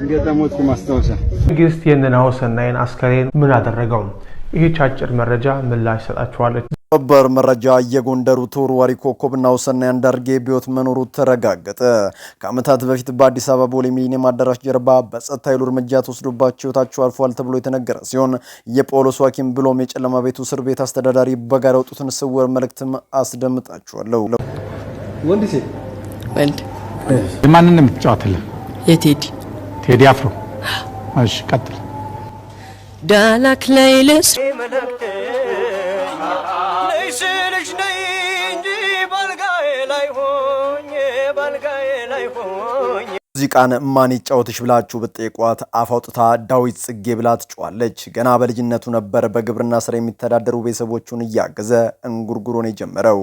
እንደተሞትኩ ማስታወሻ። መንግስት የእነ አስከሬን ምን አደረገው? ይህች አጭር መረጃ ምላሽ ሰጣችኋለች። ሰበር መረጃ የጎንደሩ ተወርዋሪ ኮከብ ናሁሰናይ አንዳርጌ በሕይወት መኖሩ ተረጋገጠ። ከአመታት በፊት በአዲስ አበባ ቦሌ ሚሊኒየም አዳራሽ ጀርባ በጸጥታ ኃይሉ እርምጃ ተወስዶባቸው ሕይወታቸው አልፏል ተብሎ የተነገረ ሲሆን የጳውሎስ ሐኪም ብሎም የጨለማ ቤቱ እስር ቤት አስተዳዳሪ በጋር ያወጡትን ስውር መልእክትም አስደምጣችኋለሁ። ወንድ ሴት ወንድ የማንንም ነው የቴዲ ቴዲ አፍሮ። እሺ ቀጥል። ዳላክ ላይ ለስ ስልሽ ነይ እንጂ ባልጋዬ ላይ ሆኜ ባልጋዬ ላይ ሆኜ ሙዚቃን ማን ይጫወትሽ ብላችሁ ብትጠይቋት አፋውጥታ ዳዊት ጽጌ ብላ ትጫዋለች። ገና በልጅነቱ ነበር በግብርና ስራ የሚተዳደሩ ቤተሰቦቹን እያገዘ እንጉርጉሮን የጀመረው።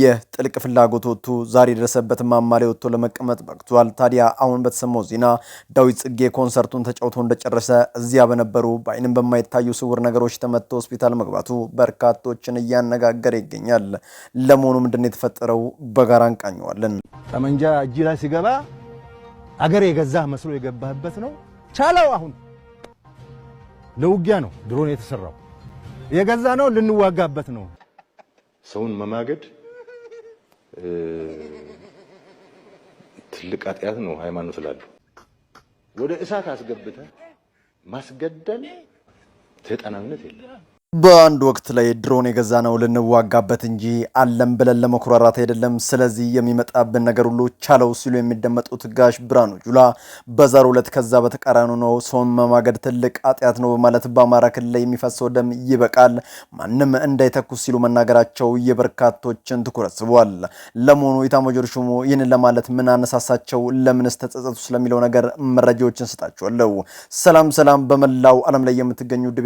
ይህ ጥልቅ ፍላጎት ወጥቶ ዛሬ የደረሰበት ማማ ላይ ወጥቶ ለመቀመጥ በቅቷል። ታዲያ አሁን በተሰማው ዜና ዳዊት ጽጌ ኮንሰርቱን ተጫውቶ እንደጨረሰ እዚያ በነበሩ በአይንም በማይታዩ ስውር ነገሮች ተመትቶ ሆስፒታል መግባቱ በርካቶችን እያነጋገረ ይገኛል። ለመሆኑ ምንድን የተፈጠረው? በጋራ እንቃኘዋለን። ጠመንጃ እጅ ላይ ሲገባ አገር የገዛ መስሎ የገባህበት ነው። ቻለው አሁን ለውጊያ ነው ድሮን የተሰራው የገዛ ነው። ልንዋጋበት ነው። ሰውን መማገድ ትልቅ ኃጢአት ነው። ሃይማኖት ስላሉ ወደ እሳት አስገብተ ማስገደል ሰይጣናዊነት የለም። በአንድ ወቅት ላይ ድሮን የገዛ ነው ልንዋጋበት እንጂ አለም ብለን ለመኩራራት አይደለም፣ ስለዚህ የሚመጣብን ነገር ሁሉ ቻለው ሲሉ የሚደመጡት ጋሽ ብርሃኑ ጁላ በዛሬው ዕለት ከዛ በተቃራኑ ነው፣ ሰውን መማገድ ትልቅ አጥያት ነው በማለት በአማራ ክልል ላይ የሚፈሰው ደም ይበቃል፣ ማንም እንዳይተኩስ ሲሉ መናገራቸው የበርካቶችን ትኩረት ስቧል። ለመሆኑ ኢታማዦር ሹሙ ይህን ለማለት ምን አነሳሳቸው? ለምንስ ተጸጸቱ? ስለሚለው ነገር መረጃዎችን ስጣችኋለሁ። ሰላም ሰላም፣ በመላው ዓለም ላይ የምትገኙ ውድ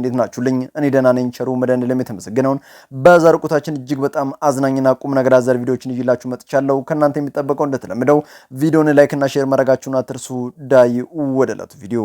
እንዴት ናችሁልኝ? እኔ ደህና ነኝ። ቸሩ መድኃኒዓለም የተመሰገነውን በዛሬ ቆይታችን እጅግ በጣም አዝናኝና ቁም ነገር አዘል ቪዲዮዎችን ይዤላችሁ መጥቻለሁ። ከእናንተ የሚጠበቀው እንደተለመደው ቪዲዮን ላይክና ሼር ማድረጋችሁን አትርሱ። ዳይ ወደ ዕለቱ ቪዲዮ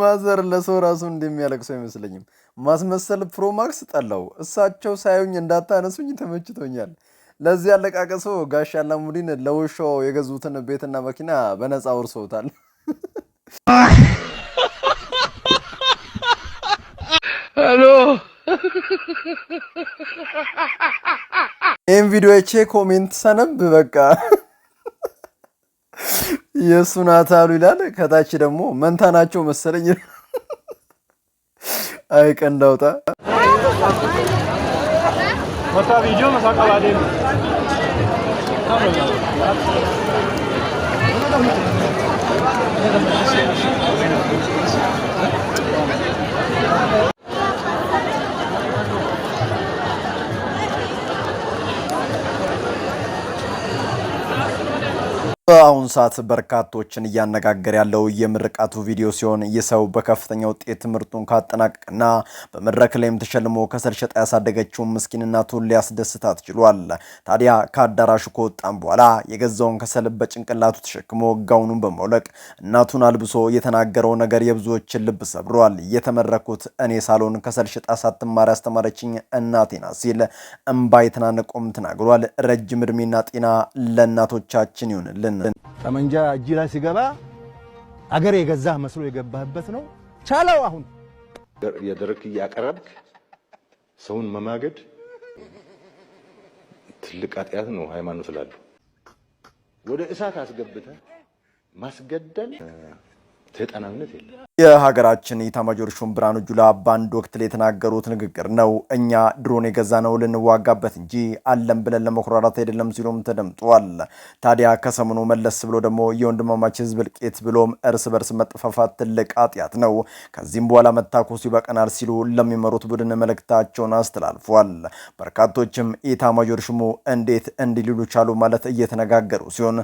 ማዘር ለሰው ራሱ እንደሚያለቅሰው አይመስለኝም። ማስመሰል ፕሮማክስ ጠላው። እሳቸው ሳዩኝ እንዳታነሱኝ ተመችቶኛል። ለዚህ ያለቃቀሰው ጋሽ አላሙዲን ለውሻው የገዙትን ቤትና መኪና በነፃ ውርሰውታል። ሄሎ ይህም ቪዲዮ ቼ ኮሜንት ሰነብ በቃ የእሱ ናት አሉ ይላል። ከታች ደግሞ መንታ ናቸው መሰለኝ። አይ ቀንዳውጣ በአሁን ሰዓት በርካቶችን እያነጋገር ያለው የምርቃቱ ቪዲዮ ሲሆን ይህ ሰው በከፍተኛ ውጤት ትምህርቱን ካጠናቀቅና በመድረክ ላይም ተሸልሞ ከሰል ሸጣ ያሳደገችውን ምስኪንናቱን ሊያስደስታት ችሏል። ታዲያ ከአዳራሹ ከወጣም በኋላ የገዛውን ከሰል በጭንቅላቱ ተሸክሞ ጋውኑን በመውለቅ እናቱን አልብሶ የተናገረው ነገር የብዙዎችን ልብ ሰብሯል። የተመረኩት እኔ ሳሎን ከሰል ሸጣ ሳትማር ያስተማረችኝ እናቴ ናት ሲል እምባ የተናነቆም ተናግሯል። ረጅም እድሜና ጤና ለእናቶቻችን ይሁንልን። አነሰ። ጠመንጃ እጅ ላይ ሲገባ አገር የገዛህ መስሎ የገባህበት ነው። ቻለው አሁን የድርክ እያቀረብክ ሰውን መማገድ ትልቅ አጥያት ነው። ሃይማኖት ስላሉ ወደ እሳት አስገብተህ ማስገደል የለም። የሀገራችን ኢታማጆር ሹም ብርሃኑ ጁላ በአንድ ወቅት ላይ የተናገሩት ንግግር ነው። እኛ ድሮን የገዛነው ልንዋጋበት እንጂ አለም ብለን ለመኩራራት አይደለም ሲሉም ተደምጧል። ታዲያ ከሰሞኑ መለስ ብሎ ደግሞ የወንድማማች ህዝብ እልቂት ብሎም እርስ በርስ መጠፋፋት ትልቅ አጥያት ነው፣ ከዚህም በኋላ መታኮሱ ይበቀናል ሲሉ ለሚመሩት ቡድን መልእክታቸውን አስተላልፏል። በርካቶችም ኢታማጆር ሹሙ እንዴት እንዲልሉ ቻሉ ማለት እየተነጋገሩ ሲሆን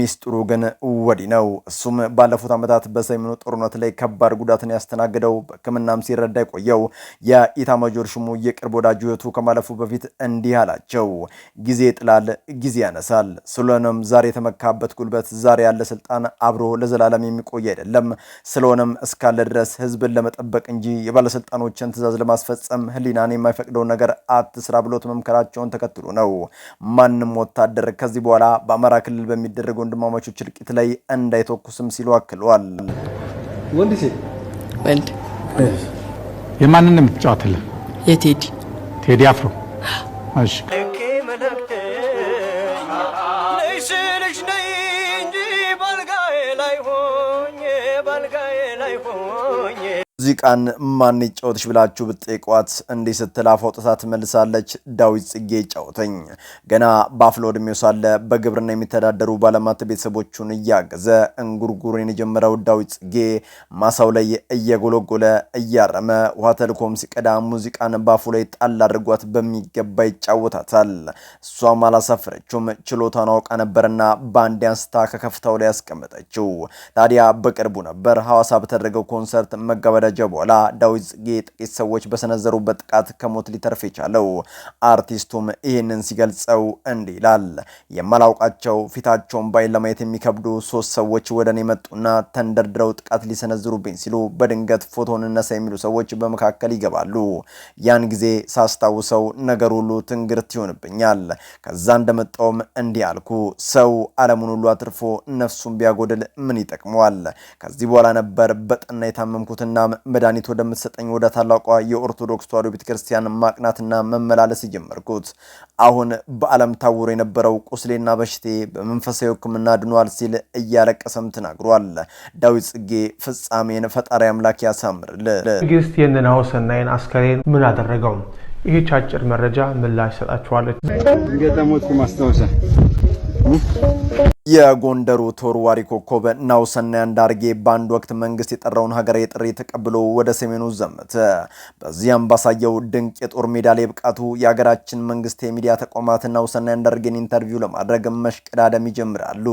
ሚስጥሩ ግን ወዲህ ነው። እሱም ባለፉት ዓመታት በ በሰሜኑ ጦርነት ላይ ከባድ ጉዳትን ያስተናግደው በሕክምናም ሲረዳ የቆየው የኢታማጆር ሹሙ የቅርብ ወዳጅ ሕይወቱ ከማለፉ በፊት እንዲህ አላቸው። ጊዜ ይጥላል፣ ጊዜ ያነሳል። ስለሆነም ዛሬ የተመካበት ጉልበት፣ ዛሬ ያለ ስልጣን አብሮ ለዘላለም የሚቆይ አይደለም። ስለሆነም እስካለ ድረስ ህዝብን ለመጠበቅ እንጂ የባለስልጣኖችን ትእዛዝ ለማስፈጸም ህሊናን የማይፈቅደው ነገር አትስራ ብሎት መምከራቸውን ተከትሎ ነው ማንም ወታደር ከዚህ በኋላ በአማራ ክልል በሚደረገው ወንድማማቾች እልቂት ላይ እንዳይተኩስም ሲሉ አክለዋል። ወንድ ሴት ወንድ የማንንም ነው የምትጫወትልህ የቴዲ ቴዲ አፍሮ እሺ ሙዚቃን ማን ይጫወትሽ ብላችሁ ብትጠይቋት እንዲህ ስትል አፍ ትመልሳለች። ዳዊት ጽጌ ይጫወተኝ። ገና በአፍላ ዕድሜው ሳለ በግብርና የሚተዳደሩ ባለማት ቤተሰቦቹን እያገዘ እንጉርጉርን የጀመረው ዳዊት ጽጌ ማሳው ላይ እየጎለጎለ እያረመ ውሃ ተልኮም ሲቀዳ ሙዚቃን በአፉ ላይ ጣል አድርጓት በሚገባ ይጫወታታል። እሷም አላሳፈረችውም። ችሎታን አውቃ ነበርና በአንዴ አንስታ ከከፍታው ላይ ያስቀመጠችው። ታዲያ በቅርቡ ነበር ሐዋሳ በተደረገው ኮንሰርት መጋበዳ ከደረጀ በኋላ ዳዊት ጽጌ ጥቂት ሰዎች በሰነዘሩበት ጥቃት ከሞት ሊተርፍ የቻለው። አርቲስቱም ይህንን ሲገልጸው እንዲህ ይላል። የማላውቃቸው ፊታቸውን ባይ ለማየት የሚከብዱ ሶስት ሰዎች ወደ እኔ መጡና ተንደርድረው ጥቃት ሊሰነዝሩብኝ ሲሉ በድንገት ፎቶን እነሳ የሚሉ ሰዎች በመካከል ይገባሉ። ያን ጊዜ ሳስታውሰው ነገር ሁሉ ትንግርት ይሆንብኛል። ከዛ እንደመጣውም እንዲህ አልኩ፣ ሰው ዓለሙን ሁሉ አትርፎ ነፍሱን ቢያጎድል ምን ይጠቅመዋል? ከዚህ በኋላ ነበር በጠና የታመምኩትና መድኃኒት ወደምትሰጠኝ ወደ ታላቋ የኦርቶዶክስ ተዋሕዶ ቤተክርስቲያን ማቅናትና መመላለስ የጀመርኩት። አሁን በዓለም ታውሮ የነበረው ቁስሌና በሽቴ በመንፈሳዊ ሕክምና ድኗል ሲል እያለቀሰም ተናግሯል። ዳዊት ጽጌ ፍጻሜን ፈጣሪ አምላክ ያሳምርል። ትዕግስት ይህንን አስከሬን ምን አደረገው? ይህች አጭር መረጃ ምላሽ ሰጣችኋለች። ገጠሞት ማስታወሻ የጎንደሩ ተወርዋሪ ኮከብ ናሁሰናይ አንዳርጌ በአንድ ወቅት መንግስት የጠራውን ሀገራዊ ጥሪ ተቀብሎ ወደ ሰሜኑ ዘመተ። በዚያም ባሳየው ድንቅ የጦር ሜዳ ላይ ብቃቱ የሀገራችን መንግስት የሚዲያ ተቋማት ናሁሰናይ አንዳርጌን ኢንተርቪው ለማድረግ መሽቀዳደም ይጀምራሉ።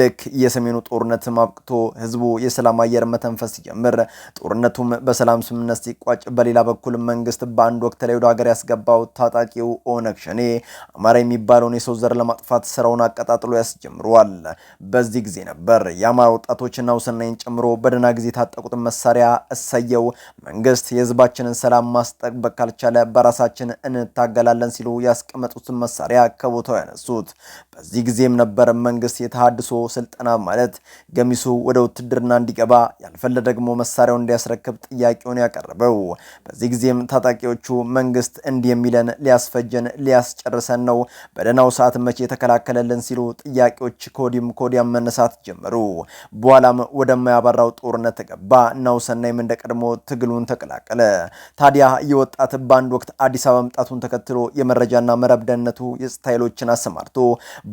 ልክ የሰሜኑ ጦርነት አብቅቶ ህዝቡ የሰላም አየር መተንፈስ ሲጀምር፣ ጦርነቱም በሰላም ስምምነት ሲቋጭ፣ በሌላ በኩል መንግስት በአንድ ወቅት ላይ ወደ ሀገር ያስገባው ታጣቂው ኦነግ ሸኔ አማራ የሚባለውን የሰው ዘር ለማጥፋት ስራውን አቀጣጥሎ ያስጀምሩ ተናግሯል። በዚህ ጊዜ ነበር የአማራ ወጣቶችና ውስናይን ጨምሮ በደህና ጊዜ የታጠቁትን መሳሪያ እሰየው፣ መንግስት የህዝባችንን ሰላም ማስጠበቅ ካልቻለ በራሳችን እንታገላለን ሲሉ ያስቀመጡትን መሳሪያ ከቦታው ያነሱት። በዚህ ጊዜም ነበር መንግስት የተሃድሶ ስልጠና ማለት ገሚሱ ወደ ውትድርና እንዲገባ ያልፈለ ደግሞ መሳሪያውን እንዲያስረክብ ጥያቄውን ያቀረበው። በዚህ ጊዜም ታጣቂዎቹ መንግስት እንዲህ የሚለን ሊያስፈጀን ሊያስጨርሰን ነው፣ በደህናው ሰዓት መቼ የተከላከለልን ሲሉ ጥያቄዎች ኮዲም ከወዲያም መነሳት ጀመሩ። በኋላም ወደማያባራው ጦርነት ተገባ። ናሁሰናይም እንደ ቀድሞ ትግሉን ተቀላቀለ። ታዲያ የወጣት በአንድ ወቅት አዲስ አበባ መምጣቱን ተከትሎ የመረጃና መረብ ደህንነቱ የጸጥታ ኃይሎችን አሰማርቶ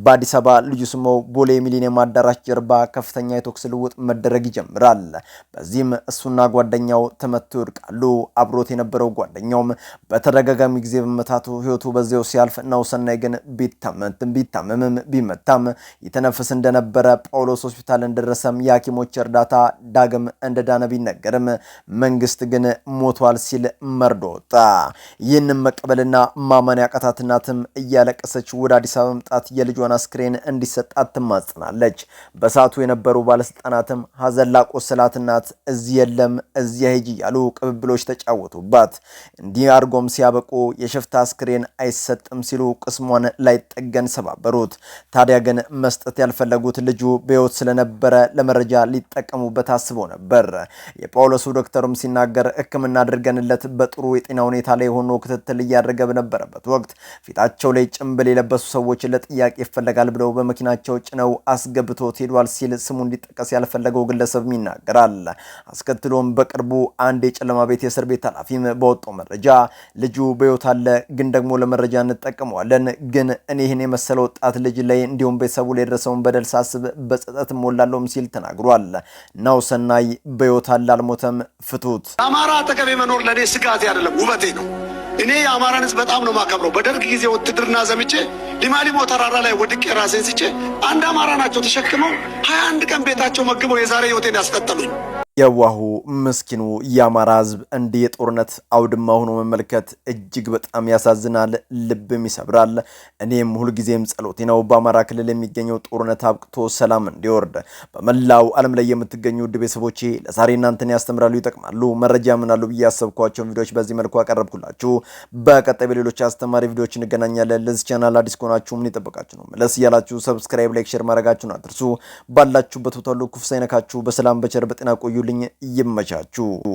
በአዲስ አበባ ልዩ ስሙ ቦሌ ሚሊኒየም አዳራሽ ጀርባ ከፍተኛ የተኩስ ልውጥ መደረግ ይጀምራል። በዚህም እሱና ጓደኛው ተመቶ ይወድቃሉ። አብሮት የነበረው ጓደኛውም በተደጋጋሚ ጊዜ በመታቱ ህይወቱ በዚያው ሲያልፍ ናሁሰናይ ግን ቢታመምም ቢመታም ይተነፍስ እንደነበረ ጳውሎስ ሆስፒታል እንደደረሰም የሐኪሞች እርዳታ ዳግም እንደዳነ ቢነገርም መንግስት ግን ሞቷል ሲል መርዶ ወጣ። ይህንም መቀበልና ማመን ያቃታት እናትም እያለቀሰች ወደ አዲስ አበባ መምጣት የልጇን አስክሬን እንዲሰጣት ትማጽናለች። በሰዓቱ የነበሩ ባለስልጣናትም ሀዘን ላቆሰላት እናት እዚህ የለም እዚያ ሂጂ እያሉ ቅብብሎች ተጫወቱባት። እንዲህ አድርጎም ሲያበቁ የሽፍታ አስክሬን አይሰጥም ሲሉ ቅስሟን ላይጠገን ሰባበሩት። ታዲያ ግን መስጠት መስጠት ያልፈለጉት ልጁ በህይወት ስለነበረ ለመረጃ ሊጠቀሙበት አስበው ነበር። የጳውሎሱ ዶክተሩም ሲናገር ሕክምና አድርገንለት በጥሩ የጤና ሁኔታ ላይ ሆኖ ክትትል እያደረገ በነበረበት ወቅት ፊታቸው ላይ ጭንብል የለበሱ ሰዎች ለጥያቄ ይፈለጋል ብለው በመኪናቸው ጭነው አስገብቶት ሄዷል ሲል ስሙ እንዲጠቀስ ያልፈለገው ግለሰብም ይናገራል። አስከትሎም በቅርቡ አንድ የጨለማ ቤት የእስር ቤት ኃላፊም በወጣው መረጃ ልጁ በህይወት አለ፣ ግን ደግሞ ለመረጃ እንጠቀመዋለን፣ ግን እኔህን የመሰለ ወጣት ልጅ ላይ እንዲሁም ቤተሰቡ ላይ የደረሰውን በደል ሳስብ በጸጸት ሞላለሁም ሲል ተናግሯል። ናው ሰናይ በሕይወት አለ አልሞተም፣ ፍቱት። አማራ አጠገቤ መኖር ለእኔ ስጋቴ አይደለም፣ ውበቴ ነው። እኔ የአማራን ሕዝብ በጣም ነው ማከብረው። በደርግ ጊዜ ውትድርና ዘምቼ ሊማሊሞ ተራራ ላይ ወድቄ ራሴን ስቼ አንድ አማራ ናቸው ተሸክመው ሀያ አንድ ቀን ቤታቸው መግበው የዛሬ ሕይወቴን ያስቀጠሉኝ የዋሁ ምስኪኑ የአማራ ህዝብ እንዲህ የጦርነት አውድማ ሆኖ መመልከት እጅግ በጣም ያሳዝናል፣ ልብም ይሰብራል። እኔም ሁልጊዜም ጸሎቴ ነው በአማራ ክልል የሚገኘው ጦርነት አብቅቶ ሰላም እንዲወርድ። በመላው ዓለም ላይ የምትገኙ ውድ ቤተሰቦቼ ለዛሬ እናንተን ያስተምራሉ፣ ይጠቅማሉ፣ መረጃ ምናሉ ብዬ ያሰብኳቸውን ቪዲዮዎች በዚህ መልኩ አቀረብኩላችሁ። በቀጣይ በሌሎች አስተማሪ ቪዲዮዎች እንገናኛለን። ለዚህ ቻናል አዲስ ከሆናችሁ ምን ይጠበቃችሁ ነው? መለስ እያላችሁ ሰብስክራይብ፣ ላይክ፣ ሼር ማድረጋችሁን አትርሱ። ባላችሁበት ቦታ ሁሉ ክፉ ሳይነካችሁ በሰላም በቸር በጤና ቆዩ። እንድትልኩልኝ ይመቻችሁ።